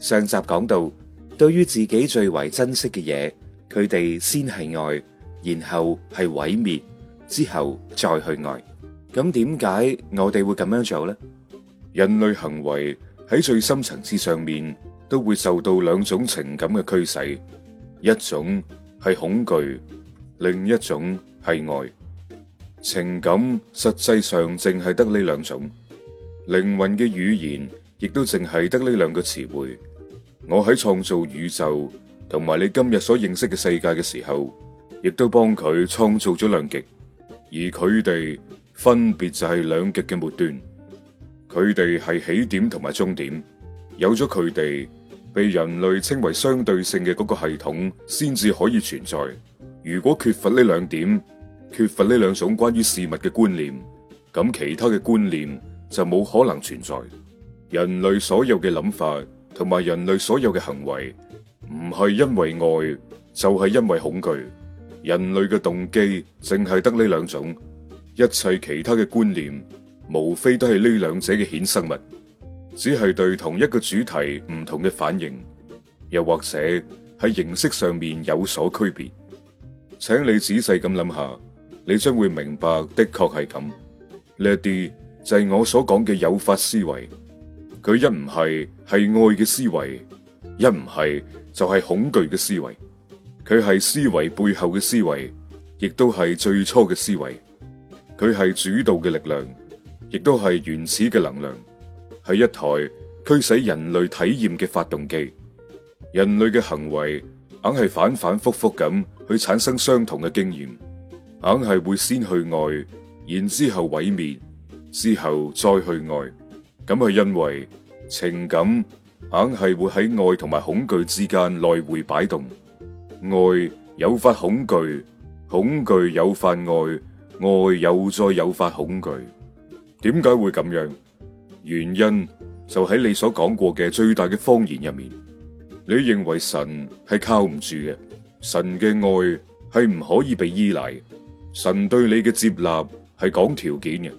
上集講到，對於自己最為珍惜嘅嘢，佢哋先係愛，然後係毀滅，之後再去愛。咁點解我哋會咁樣做呢？人類行為喺最深層次上面都會受到兩種情感嘅驅使，一種係恐懼，另一種係愛。情感實際上淨係得呢兩種，靈魂嘅語言亦都淨係得呢兩個詞彙。我喺創造宇宙同埋你今日所認識嘅世界嘅時候，亦都幫佢創造咗兩極，而佢哋分別就係兩極嘅末端，佢哋係起點同埋終點。有咗佢哋，被人類稱為相對性嘅嗰個系統先至可以存在。如果缺乏呢兩點，缺乏呢兩種關於事物嘅觀念，咁其他嘅觀念就冇可能存在。人類所有嘅諗法。同埋人類所有嘅行為，唔係因為愛，就係、是、因為恐懼。人類嘅動機淨係得呢兩種，一切其他嘅觀念，無非都係呢兩者嘅衍生物，只係對同一個主題唔同嘅反應，又或者喺形式上面有所區別。請你仔細咁諗下，你將會明白的確，的確係咁。呢一啲就係我所講嘅有法思維。佢一唔係係愛嘅思維，一唔係就係、是、恐懼嘅思維。佢係思維背後嘅思維，亦都係最初嘅思維。佢係主導嘅力量，亦都係原始嘅能量，係一台驅使人類體驗嘅發動機。人類嘅行為硬係反反复复咁去產生相同嘅經驗，硬係會先去愛，然之後毀滅，之後再去愛。咁係因為情感硬係會喺愛同埋恐懼之間來回擺動，愛誘發恐懼，恐懼誘發愛，愛又再誘發恐懼。點解會咁樣？原因就喺你所講過嘅最大嘅謊言入面。你認為神係靠唔住嘅，神嘅愛係唔可以被依賴，神對你嘅接納係講條件嘅。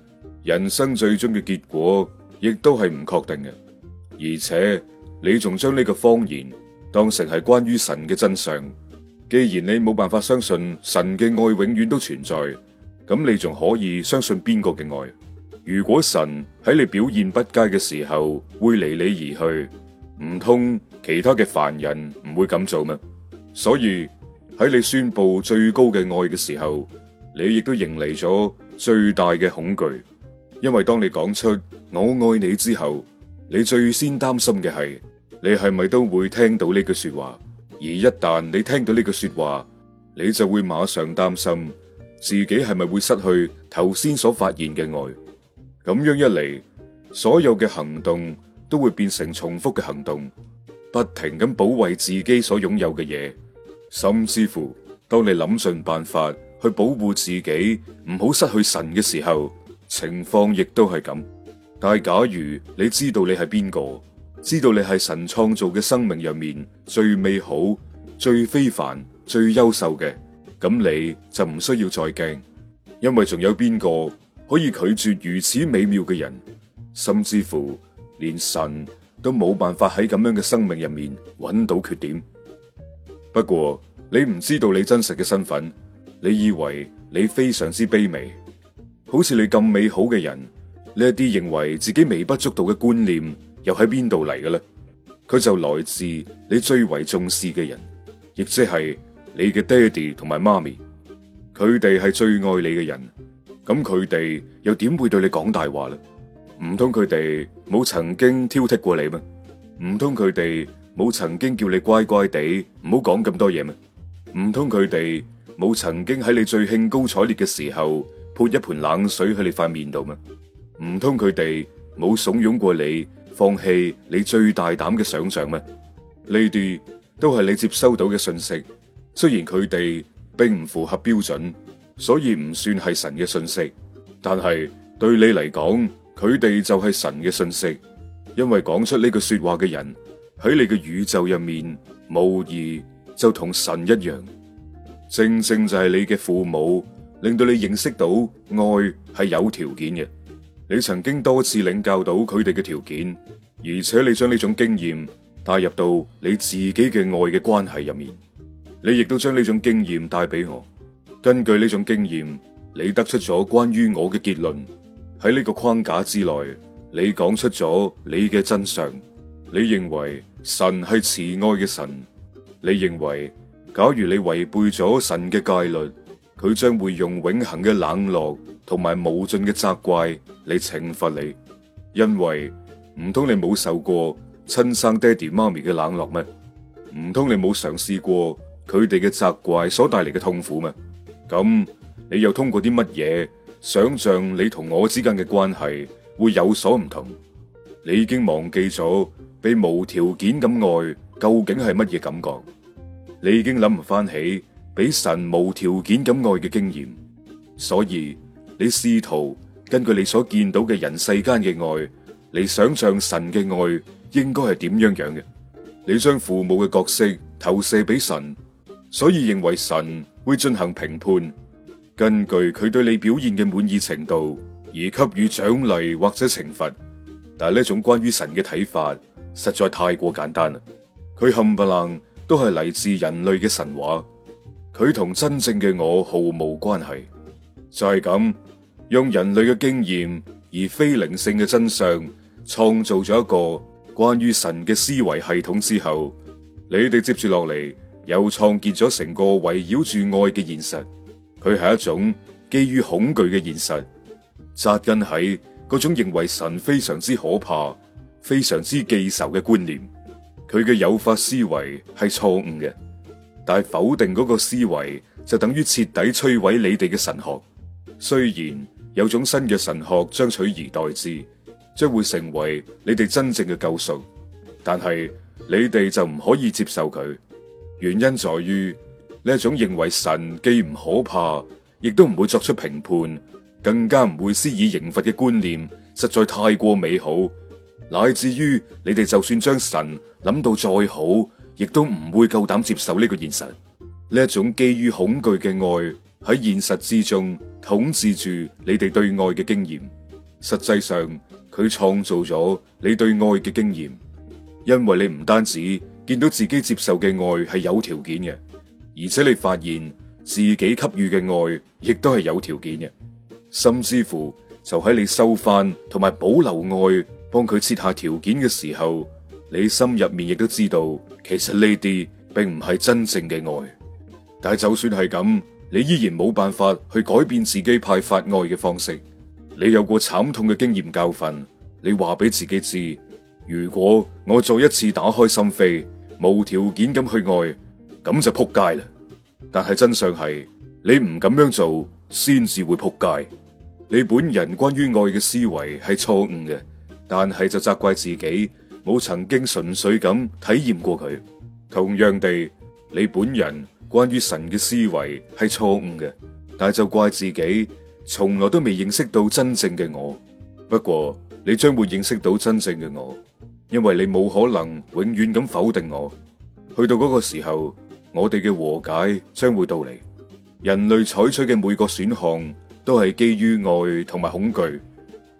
人生最終嘅結果，亦都係唔確定嘅，而且你仲將呢個謊言當成係關於神嘅真相。既然你冇辦法相信神嘅愛永遠都存在，咁你仲可以相信邊個嘅愛？如果神喺你表現不佳嘅時候會離你而去，唔通其他嘅凡人唔會咁做咩？所以喺你宣布最高嘅愛嘅時候，你亦都迎嚟咗最大嘅恐懼。因為當你講出我愛你之後，你最先擔心嘅係你係咪都會聽到呢句說話？而一旦你聽到呢句說話，你就會馬上擔心自己係咪會失去頭先所發現嘅愛。咁樣一嚟，所有嘅行動都會變成重複嘅行動，不停咁保衛自己所擁有嘅嘢。甚至乎，當你諗盡辦法去保護自己唔好失去神嘅時候，情況亦都係咁，但係假如你知道你係邊個，知道你係神創造嘅生命入面最美好、最非凡、最優秀嘅，咁你就唔需要再驚，因為仲有邊個可以拒絕如此美妙嘅人？甚至乎連神都冇辦法喺咁樣嘅生命入面揾到缺點。不過你唔知道你真實嘅身份，你以為你非常之卑微。好似你咁美好嘅人，呢一啲認為自己微不足道嘅觀念又，又喺邊度嚟嘅咧？佢就來自你最為重視嘅人，亦即係你嘅爹哋同埋媽咪。佢哋係最愛你嘅人，咁佢哋又點會對你講大話咧？唔通佢哋冇曾經挑剔過你咩？唔通佢哋冇曾經叫你乖乖地唔好講咁多嘢咩？唔通佢哋冇曾經喺你最興高采烈嘅時候，潑一盆冷水喺你塊面度咩？唔通佢哋冇慫恿過你，放棄你最大膽嘅想象咩？呢啲都係你接收到嘅信息，雖然佢哋並唔符合標準，所以唔算係神嘅信息，但係對你嚟講，佢哋就係神嘅信息，因為講出呢句說話嘅人，喺你嘅宇宙入面，無疑就同神一樣，正正就係你嘅父母。令到你認識到愛係有條件嘅，你曾經多次領教到佢哋嘅條件，而且你將呢種經驗帶入到你自己嘅愛嘅關係入面，你亦都將呢種經驗帶俾我。根據呢種經驗，你得出咗關於我嘅結論。喺呢個框架之內，你講出咗你嘅真相。你認為神係慈愛嘅神，你認為假如你違背咗神嘅戒律，佢將會用永恒嘅冷落同埋無盡嘅責怪嚟懲罰你，因為唔通你冇受過親生爹地媽咪嘅冷落咩？唔通你冇嘗試過佢哋嘅責怪所帶嚟嘅痛苦咩？咁你又通過啲乜嘢想象你同我之間嘅關係會有所唔同？你已經忘記咗被無條件咁愛究竟係乜嘢感覺？你已經諗唔翻起。俾神無條件咁愛嘅經驗，所以你試圖根據你所見到嘅人世間嘅愛，你想象神嘅愛應該係點樣樣嘅。你將父母嘅角色投射俾神，所以認為神會進行評判，根據佢對你表現嘅滿意程度而給予獎勵或者懲罰。但係呢種關於神嘅睇法實在太過簡單啦，佢冚唪唥都係嚟自人類嘅神話。佢同真正嘅我毫無關係就，就係咁用人類嘅經驗而非靈性嘅真相創造咗一個關於神嘅思維系統之後，你哋接住落嚟，又創建咗成個圍繞住愛嘅現實。佢係一種基於恐懼嘅現實，紮根喺嗰種認為神非常之可怕、非常之記仇嘅觀念。佢嘅有法思維係錯誤嘅。但否定嗰個思維就等於徹底摧毀你哋嘅神學。雖然有種新嘅神學將取而代之，將會成為你哋真正嘅救贖，但係你哋就唔可以接受佢。原因在於呢一種認為神既唔可怕，亦都唔會作出評判，更加唔會施以刑罰嘅觀念，實在太過美好，乃至於你哋就算將神諗到再好。亦都唔會夠膽接受呢個現實。呢一種基於恐懼嘅愛喺現實之中統治住你哋對愛嘅經驗。實際上，佢創造咗你對愛嘅經驗，因為你唔單止見到自己接受嘅愛係有條件嘅，而且你發現自己給予嘅愛亦都係有條件嘅。甚至乎，就喺你收返同埋保留愛，幫佢設下條件嘅時候。你心入面亦都知道，其實呢啲並唔係真正嘅愛。但係就算係咁，你依然冇辦法去改變自己派發愛嘅方式。你有過慘痛嘅經驗教訓，你話俾自己知：如果我再一次打開心扉，無條件咁去愛，咁就撲街啦。但係真相係，你唔咁樣做，先至會撲街。你本人關於愛嘅思維係錯誤嘅，但係就責怪自己。冇曾經純粹咁體驗過佢，同樣地，你本人關於神嘅思維係錯誤嘅，但係就怪自己從來都未認識到真正嘅我。不過你將會認識到真正嘅我，因為你冇可能永遠咁否定我。去到嗰個時候，我哋嘅和解將會到嚟。人類採取嘅每個選項都係基於愛同埋恐懼，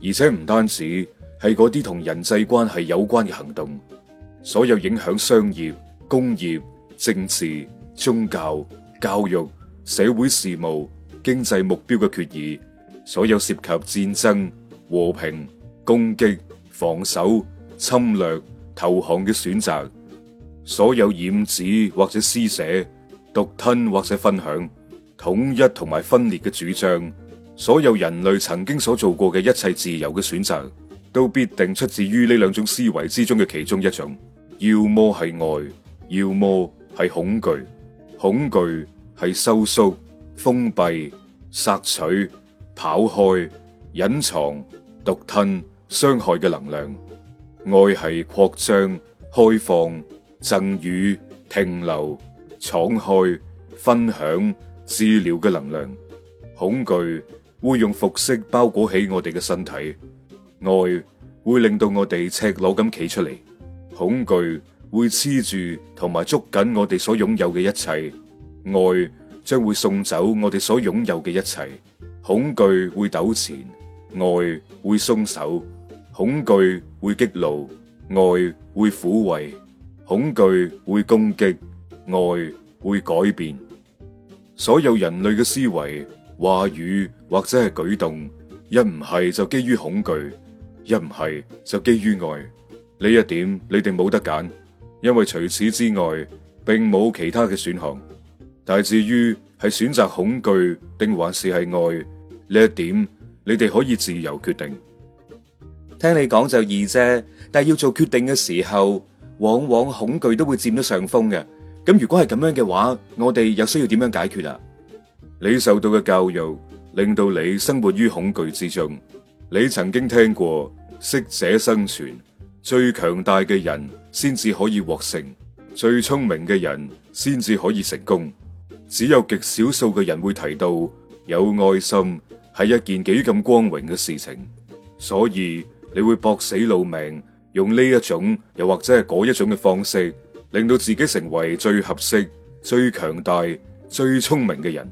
而且唔單止。係嗰啲同人際關係有關嘅行動，所有影響商業、工業、政治、宗教、教育、社會事務、經濟目標嘅決議，所有涉及戰爭、和平、攻擊、防守、侵略、投降嘅選擇，所有染指或者施捨、獨吞或者分享、統一同埋分裂嘅主張，所有人類曾經所做過嘅一切自由嘅選擇。都必定出自於呢兩種思維之中嘅其中一種，要麼係愛，要麼係恐懼。恐懼係收縮、封閉、攝取、跑開、隱藏、毒吞、傷害嘅能量；愛係擴張、開放、贈與、停留、敞開、分享、治療嘅能量。恐懼會用服飾包裹起我哋嘅身體。愛會令到我哋赤裸咁企出嚟，恐懼會黐住同埋捉緊我哋所擁有嘅一切，愛將會送走我哋所擁有嘅一切，恐懼會糾纏，愛會鬆手，恐懼會激怒，愛會撫慰，恐懼會攻擊，愛會改變。所有人類嘅思維、話語或者係舉動，一唔係就基於恐懼，一唔係就基於愛呢一點，你哋冇得揀，因為除此之外並冇其他嘅選項。但至於係選擇恐懼定還是係愛呢一點，你哋可以自由決定。聽你講就易啫，但係要做決定嘅時候，往往恐懼都會佔得上風嘅。咁如果係咁樣嘅話，我哋又需要點樣解決啊？你受到嘅教育令到你生活於恐懼之中。你曾經聽過，適者生存，最強大嘅人先至可以獲勝，最聰明嘅人先至可以成功。只有極少數嘅人會提到有愛心係一件幾咁光榮嘅事情，所以你會搏死老命，用呢一種又或者係嗰一種嘅方式，令到自己成為最合適、最強大、最聰明嘅人。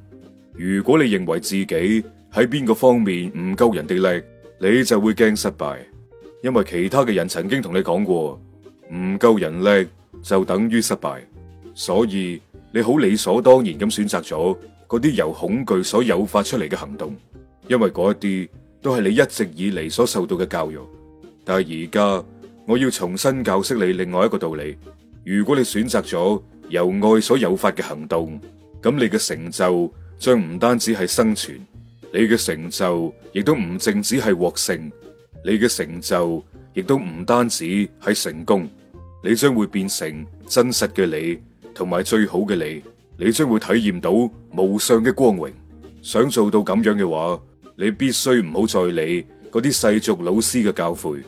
如果你認為自己喺邊個方面唔夠人哋叻，你就會驚失敗，因為其他嘅人曾經同你講過，唔夠人叻就等於失敗，所以你好理所當然咁選擇咗嗰啲由恐懼所誘發出嚟嘅行動，因為嗰啲都係你一直以嚟所受到嘅教育。但係而家我要重新教識你另外一個道理：如果你選擇咗由愛所誘發嘅行動，咁你嘅成就將唔單止係生存。你嘅成就亦都唔淨只係獲勝，你嘅成就亦都唔單止係成功。你將會變成真實嘅你，同埋最好嘅你。你將會體驗到無上嘅光榮。想做到咁樣嘅話，你必須唔好再理嗰啲世俗老師嘅教誨。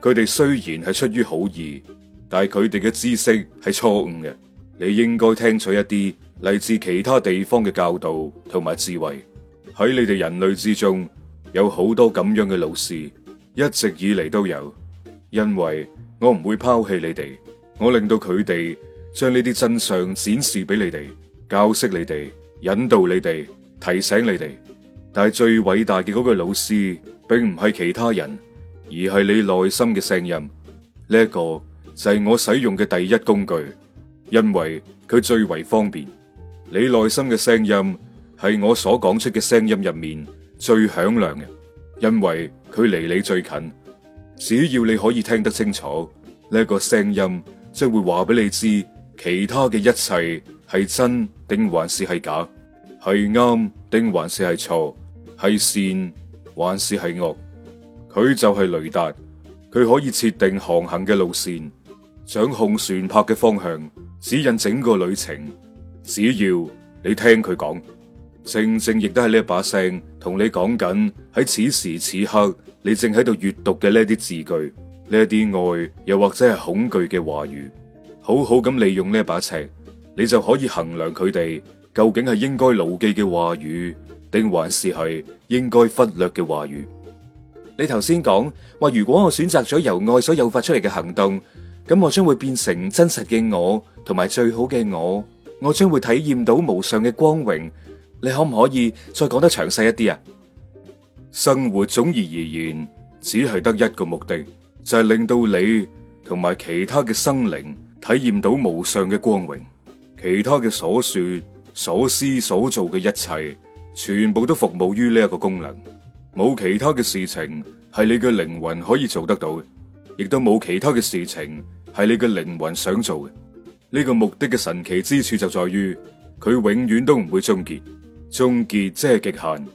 佢哋雖然係出於好意，但係佢哋嘅知識係錯誤嘅。你應該聽取一啲嚟自其他地方嘅教導同埋智慧。喺你哋人類之中，有好多咁樣嘅老師，一直以嚟都有。因為我唔會拋棄你哋，我令到佢哋將呢啲真相展示俾你哋，教識你哋，引導你哋，提醒你哋。但係最偉大嘅嗰個老師，並唔係其他人，而係你內心嘅聲音。呢一個就係我使用嘅第一工具，因為佢最為方便。你內心嘅聲音。係我所講出嘅聲音入面最響亮嘅，因為佢離你最近，只要你可以聽得清楚呢個聲音，將會話俾你知其他嘅一切係真定還是係假，係啱定還是係錯，係善還是係惡。佢就係雷達，佢可以設定航行嘅路線，掌控船舶嘅方向，指引整個旅程。只要你聽佢講。正正亦都係呢一把聲同你講緊喺此時此刻，你正喺度閱讀嘅呢啲字句，呢啲愛又或者係恐懼嘅話語，好好咁利用呢一把尺，你就可以衡量佢哋究竟係應該牢記嘅話語，定還是係應該忽略嘅話語。你頭先講話，如果我選擇咗由愛所誘發出嚟嘅行動，咁我將會變成真實嘅我，同埋最好嘅我，我將會體驗到無上嘅光榮。你可唔可以再講得詳細一啲啊？生活總而，而言只係得一個目的，就係令到你同埋其他嘅生靈體驗到無上嘅光榮。其他嘅所說、所思、所做嘅一切，全部都服務於呢一個功能，冇其他嘅事情係你嘅靈魂可以做得到，亦都冇其他嘅事情係你嘅靈魂想做嘅。呢個目的嘅神奇之處就在於，佢永遠都唔會終結。終結即係極限，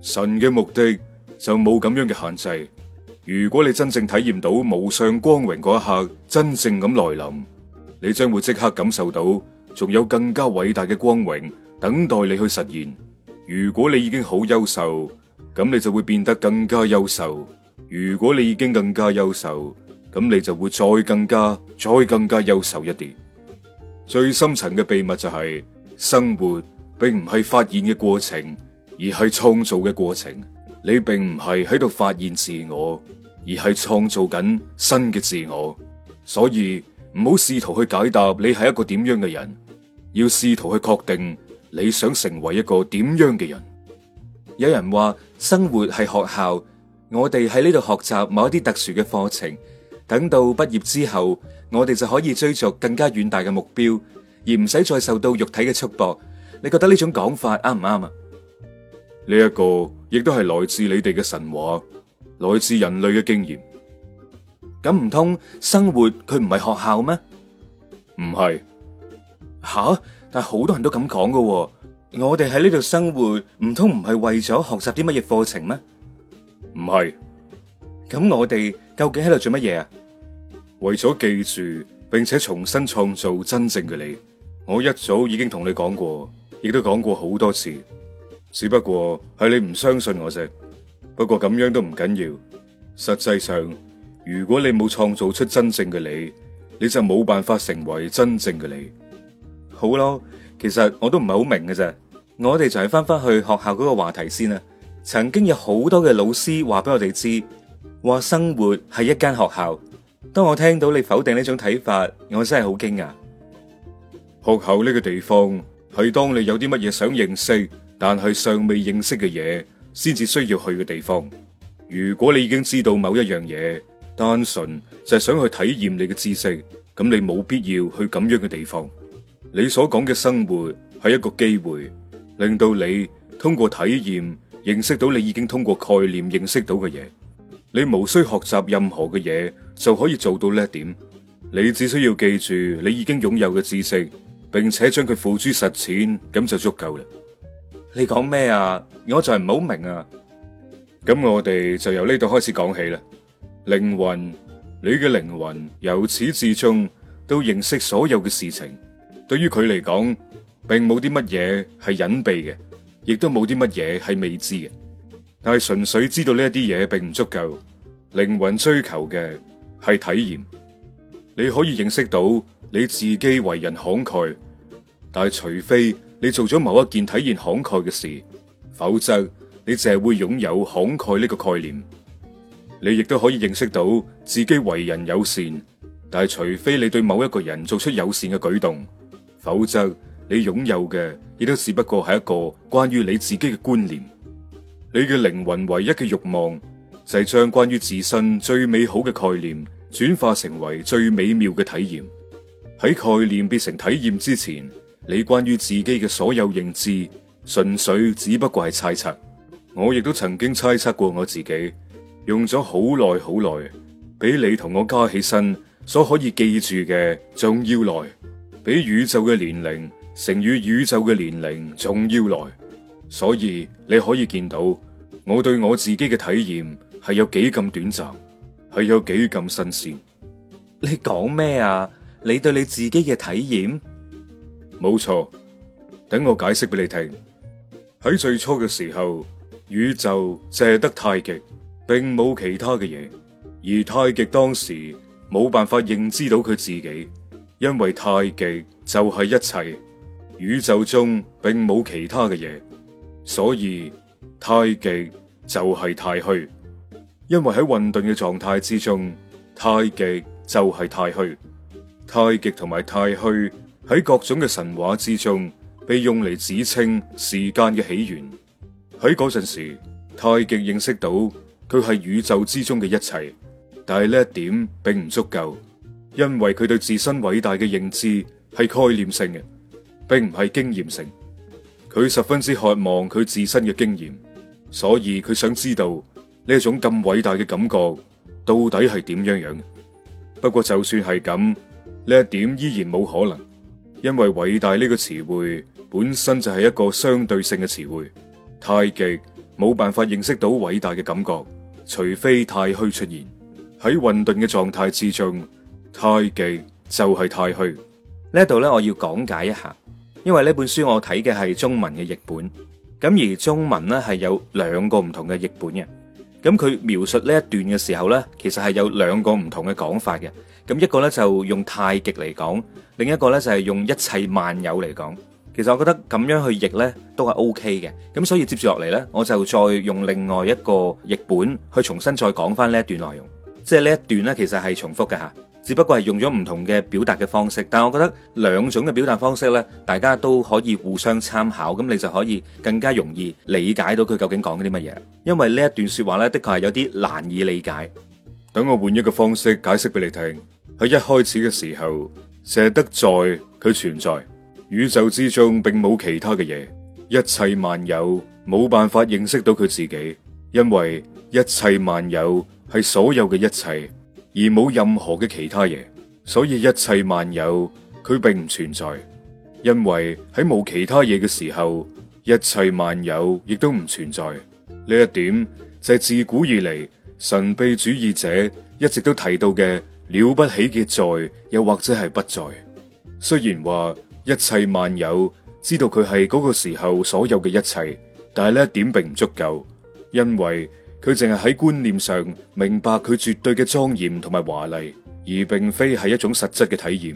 神嘅目的就冇咁樣嘅限制。如果你真正體驗到無上光榮嗰一刻，真正咁來臨，你將會即刻感受到仲有更加偉大嘅光榮等待你去實現。如果你已經好優秀，咁你就會變得更加優秀。如果你已經更加優秀，咁你就會再更加，再更加優秀一啲。最深層嘅秘密就係、是、生活。並唔係發現嘅過程，而係創造嘅過程。你並唔係喺度發現自我，而係創造緊新嘅自我。所以唔好試圖去解答你係一個點樣嘅人，要試圖去確定你想成為一個點樣嘅人。有人話生活係學校，我哋喺呢度學習某一啲特殊嘅課程，等到畢業之後，我哋就可以追逐更加遠大嘅目標，而唔使再受到肉體嘅束縛。你覺得呢種講法啱唔啱啊？呢一個亦都係來自你哋嘅神話，來自人類嘅經驗。咁唔通生活佢唔係學校咩？唔係。吓？但係好多人都咁講嘅。我哋喺呢度生活，唔通唔係為咗學習啲乜嘢課程咩？唔係。咁我哋究竟喺度做乜嘢啊？為咗記住並且重新創造真正嘅你，我一早已經同你講過。亦都講過好多次，只不過係你唔相信我啫。不過咁樣都唔緊要。實際上，如果你冇創造出真正嘅你，你就冇辦法成為真正嘅你。好咯，其實我都唔係好明嘅啫。我哋就係翻翻去學校嗰個話題先啦。曾經有好多嘅老師話俾我哋知，話生活係一間學校。當我聽到你否定呢種睇法，我真係好驚訝。學校呢個地方，係當你有啲乜嘢想認識，但係尚未認識嘅嘢，先至需要去嘅地方。如果你已經知道某一樣嘢，單純就係想去體驗你嘅知識，咁你冇必要去咁樣嘅地方。你所講嘅生活係一個機會，令到你通過體驗認識到你已經通過概念認識到嘅嘢。你無需學習任何嘅嘢就可以做到呢一點。你只需要記住你已經擁有嘅知識。並且將佢付諸實踐，咁就足夠啦。你講咩啊？我就係唔好明啊。咁我哋就由呢度開始講起啦。靈魂，你嘅靈魂由始至終都認識所有嘅事情。對於佢嚟講，並冇啲乜嘢係隱秘嘅，亦都冇啲乜嘢係未知嘅。但係純粹知道呢一啲嘢並唔足夠。靈魂追求嘅係體驗。你可以認識到你自己為人慷慨。但係，除非你做咗某一件體現慷慨嘅事，否則你淨係會擁有慷慨呢個概念。你亦都可以認識到自己為人友善，但係除非你對某一個人做出友善嘅舉動，否則你擁有嘅亦都只不過係一個關於你自己嘅觀念。你嘅靈魂唯一嘅欲望就係將關於自身最美好嘅概念轉化成為最美妙嘅體驗。喺概念變成體驗之前。你關於自己嘅所有認知，純粹只不過係猜測。我亦都曾經猜測過我自己，用咗好耐好耐，比你同我加起身所可以記住嘅仲要耐，比宇宙嘅年齡乘以宇宙嘅年齡仲要耐。所以你可以見到我對我自己嘅體驗係有幾咁短暫，係有幾咁新鮮。你講咩啊？你對你自己嘅體驗？冇錯，等我解釋俾你聽。喺最初嘅時候，宇宙只得太極，並冇其他嘅嘢。而太極當時冇辦法認知到佢自己，因為太極就係一切，宇宙中並冇其他嘅嘢。所以太極就係太虛，因為喺混沌嘅狀態之中，太極就係太虛。太極同埋太虛，喺各種嘅神話之中，被用嚟指稱時間嘅起源。喺嗰陣時，太極認識到佢係宇宙之中嘅一切，但係呢一點並唔足夠，因為佢對自身偉大嘅認知係概念性嘅，並唔係經驗性。佢十分之渴望佢自身嘅經驗，所以佢想知道呢一種咁偉大嘅感覺到底係點樣樣嘅。不過就算係咁，呢一點依然冇可能。因為偉大呢個詞彙本身就係一個相對性嘅詞彙，太極冇辦法認識到偉大嘅感覺，除非太虛出現。喺混沌嘅狀態之中，太極就係太虛。呢度咧，我要講解一下，因為呢本書我睇嘅係中文嘅譯本，咁而中文咧係有兩個唔同嘅譯本嘅。咁佢描述呢一段嘅時候呢，其實係有兩個唔同嘅講法嘅。咁一個呢就用太極嚟講，另一個呢就係用一切萬有嚟講。其實我覺得咁樣去譯呢都係 OK 嘅。咁所以接住落嚟呢，我就再用另外一個譯本去重新再講返呢一段內容，即係呢一段呢，其實係重複嘅嚇。只不過係用咗唔同嘅表達嘅方式，但係我覺得兩種嘅表達方式咧，大家都可以互相參考，咁你就可以更加容易理解到佢究竟講緊啲乜嘢。因為呢一段說話咧，的確係有啲難以理解。等我換一個方式解釋俾你聽。喺一開始嘅時候，舍得在佢存在宇宙之中，並冇其他嘅嘢，一切萬有冇辦法認識到佢自己，因為一切萬有係所有嘅一切。而冇任何嘅其他嘢，所以一切萬有佢並唔存在，因為喺冇其他嘢嘅時候，一切萬有亦都唔存在。呢一點就係自古以嚟神秘主義者一直都提到嘅了不起嘅在，又或者係不在。雖然話一切萬有知道佢係嗰個時候所有嘅一切，但係呢一點並唔足夠，因為。佢淨係喺觀念上明白佢絕對嘅莊嚴同埋華麗，而並非係一種實質嘅體驗。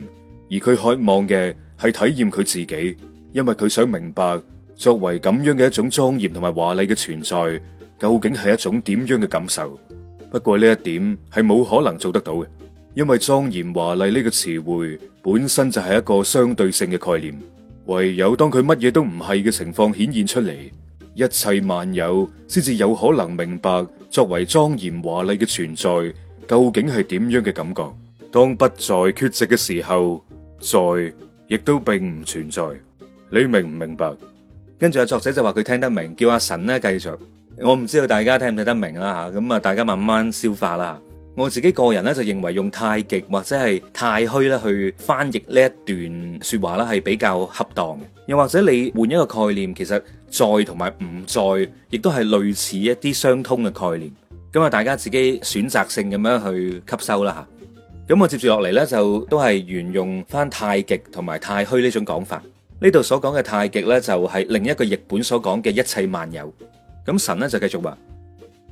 而佢渴望嘅係體驗佢自己，因為佢想明白作為咁樣嘅一種莊嚴同埋華麗嘅存在，究竟係一種點樣嘅感受。不過呢一點係冇可能做得到嘅，因為莊嚴華麗呢個詞彙本身就係一個相對性嘅概念，唯有當佢乜嘢都唔係嘅情況顯現出嚟。一切萬有，先至有可能明白作為莊嚴華麗嘅存在，究竟係點樣嘅感覺？當不在缺席嘅時候，在亦都並唔存在。你明唔明白？跟住阿作者就話佢聽得明，叫阿神咧繼續。我唔知道大家聽唔聽得明啦吓，咁啊，大家慢慢消化啦。我自己個人咧就認為用太極或者係太虛咧去翻譯呢一段說話咧，係比較恰當嘅。又或者你換一個概念，其實。在同埋唔在，亦都係類似一啲相通嘅概念。咁啊，大家自己選擇性咁樣去吸收啦，吓。咁我接住落嚟呢，就都係沿用翻太極同埋太虛呢種講法。呢度所講嘅太極呢，就係另一個譯本所講嘅一切萬有。咁神呢，就繼續話：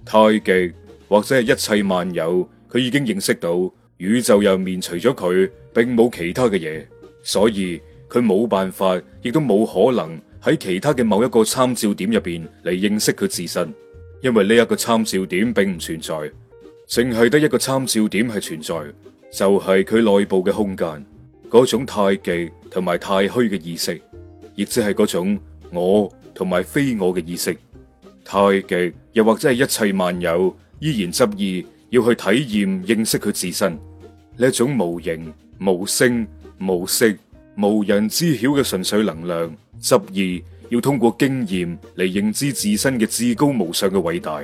太極或者係一切萬有，佢已經認識到宇宙入面除咗佢，並冇其他嘅嘢，所以佢冇辦法，亦都冇可能喺其他嘅某一個參照點入邊嚟認識佢自身，因為呢一個參照點並唔存在，淨係得一個參照點係存在，就係佢內部嘅空間嗰種太極同埋太虛嘅意識，亦即係嗰種我同埋非我嘅意識。太極又或者係一切萬有，依然執意要去體驗認識佢自身呢一種無形、無聲、無色、無人知曉嘅純粹能量，執意要通過經驗嚟認知自身嘅至高無上嘅偉大。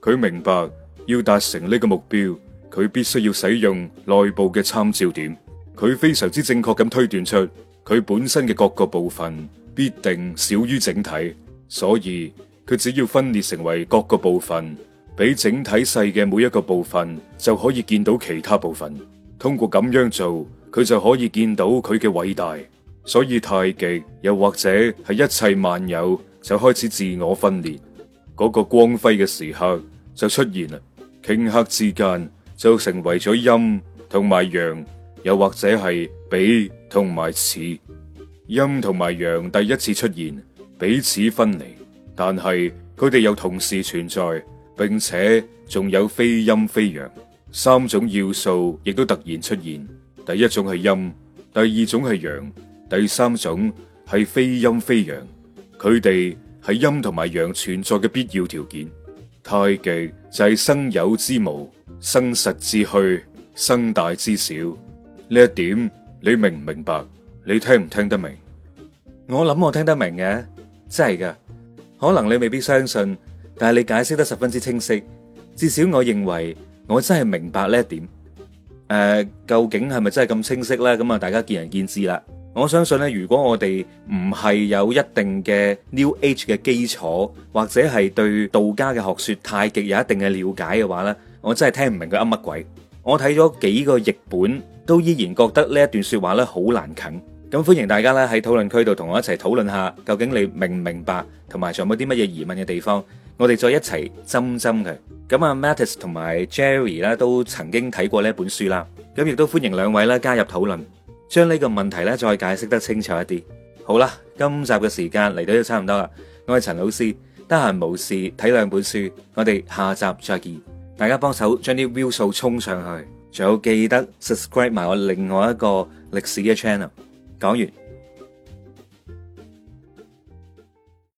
佢明白要達成呢個目標，佢必須要使用內部嘅參照點。佢非常之正確咁推斷出，佢本身嘅各個部分必定少於整體，所以佢只要分裂成為各個部分，比整體細嘅每一個部分就可以見到其他部分。通過咁樣做，佢就可以見到佢嘅偉大。所以太極又或者係一切萬有就開始自我分裂。嗰個光輝嘅時刻就出現啦。頃刻之間就成為咗陰同埋陽，又或者係比同埋似，陰同埋陽第一次出現，彼此分離，但係佢哋又同時存在，並且仲有非陰非陽三種要素亦都突然出現。第一種係陰，第二種係陽。第三種係非陰非陽，佢哋係陰同埋陽存在嘅必要條件。太極就係生有之無，生實之虛，生大之小。呢一點你明唔明白？你聽唔聽得明？我諗我聽得明嘅，真係噶。可能你未必相信，但係你解釋得十分之清晰。至少我認為我真係明白呢一點。誒、呃，究竟係咪真係咁清晰咧？咁啊，大家見仁見智啦。我相信咧，如果我哋唔係有一定嘅 New Age 嘅基礎，或者係對道家嘅學說、太極有一定嘅了解嘅話呢，我真係聽唔明佢噏乜鬼。我睇咗幾個譯本，都依然覺得呢一段說話咧好難啃。咁歡迎大家咧喺討論區度同我一齊討論下，究竟你明唔明白，同埋仲有冇啲乜嘢疑問嘅地方，我哋再一齊斟斟佢。咁阿 Mattis 同埋 Jerry 咧都曾經睇過呢本書啦，咁亦都歡迎兩位咧加入討論。將呢個問題咧再解釋得清楚一啲。好啦，今集嘅時間嚟到都差唔多啦。我係陳老師，得閒無事睇兩本書。我哋下集再見。大家幫手將啲 view 數衝上去，仲有記得 subscribe 埋我另外一個歷史嘅 channel。講完。